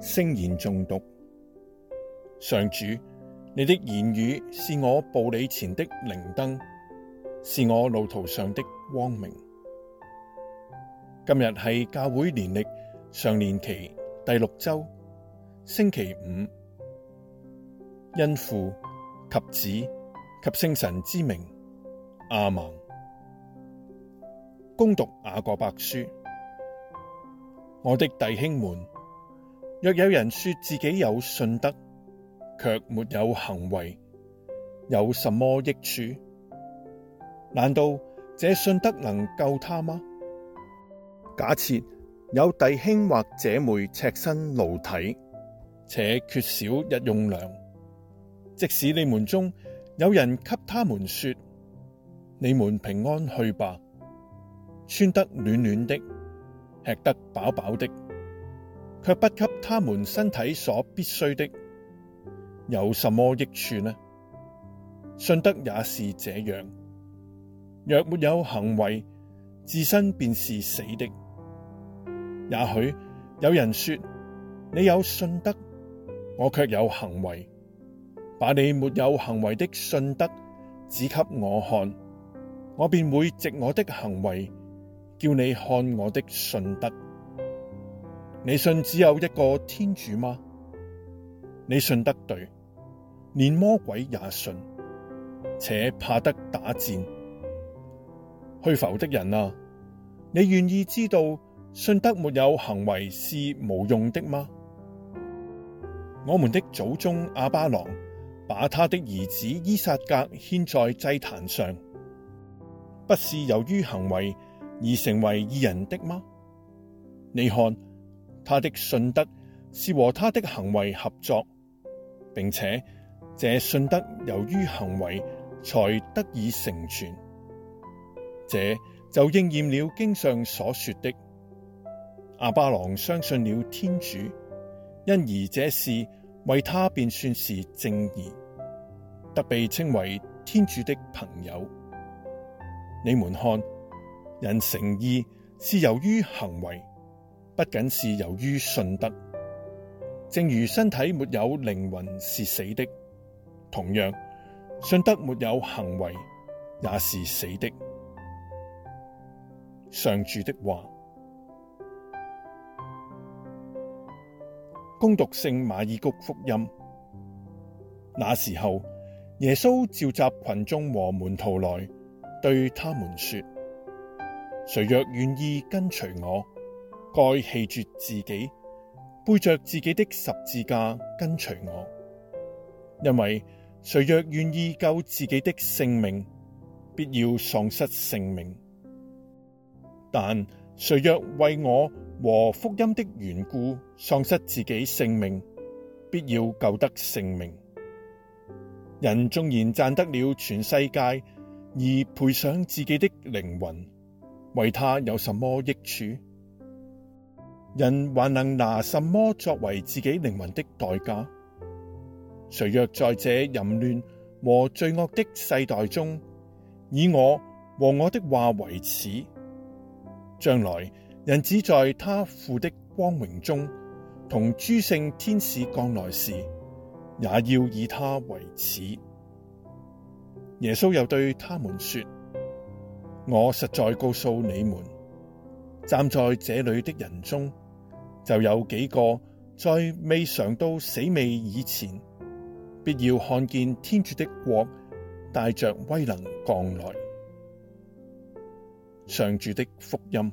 聖言誦讀。上主，你的言語是我步你前的靈燈，是我路途上的光明。今日係教會年曆常年期第六週星期五，因父及子及聖神之名亞孟。恭讀雅各伯書，我的弟兄們。若有人說自己有信德，卻沒有行為，有什麼益處？難道這信德能救他嗎？假設有弟兄或姐妹赤身露體，且缺少日用糧，即使你們中有人給他們說：「你們平安去吧，穿得暖暖的，吃得飽飽的。」卻不給他們身體所必需的，有什麼益處呢？信德也是這樣，若沒有行為，自身便是死的。也許有人說：你有信德，我卻有行為，把你沒有行為的信德指給我看，我便會藉我的行為，叫你看我的信德。你信只有一個天主嗎？你信得對，連魔鬼也信，且怕得打顫。虛浮的人啊，你願意知道信德沒有行為是無用的嗎？我們的祖宗亞巴郎，把他的兒子依撒格獻在祭壇上，不是由於行為而成為義人的嗎？你看。他的信德是和他的行為合作，並且這信德由於行為才得以成全。這就應驗了經上所說的：亞巴郎相信了天主，因而這事為他便算是正義，得被稱為天主的朋友。你們看，人成義是由於行為。不僅是由於信德，正如身體沒有靈魂是死的，同樣信德沒有行為也是死的。上主的話，恭讀聖馬爾谷福音。那時候，耶穌召集群眾和門徒來，對他們說：誰若願意跟隨我，該棄絕自己，背着自己的十字架，跟隨我，因為誰若願意救自己的性命，必要喪失性命；但誰若為我和福音的緣故，喪失自己性命，必要救得性命。人縱然賺得了全世界，而賠上自己的靈魂，為他有什麼益處？人還能拿什麼作為自己靈魂的代價？誰若在這淫亂和罪惡的世代中，以我和我的話為恥，將來人子在他父的光榮中，同諸聖天使降來時，也要以他為恥。耶穌又對他們說：我實在告訴你們，站在這裏的人中。就有幾個在未嘗到死味以前，必要看見天主的國帶着威能降來。上主的福音。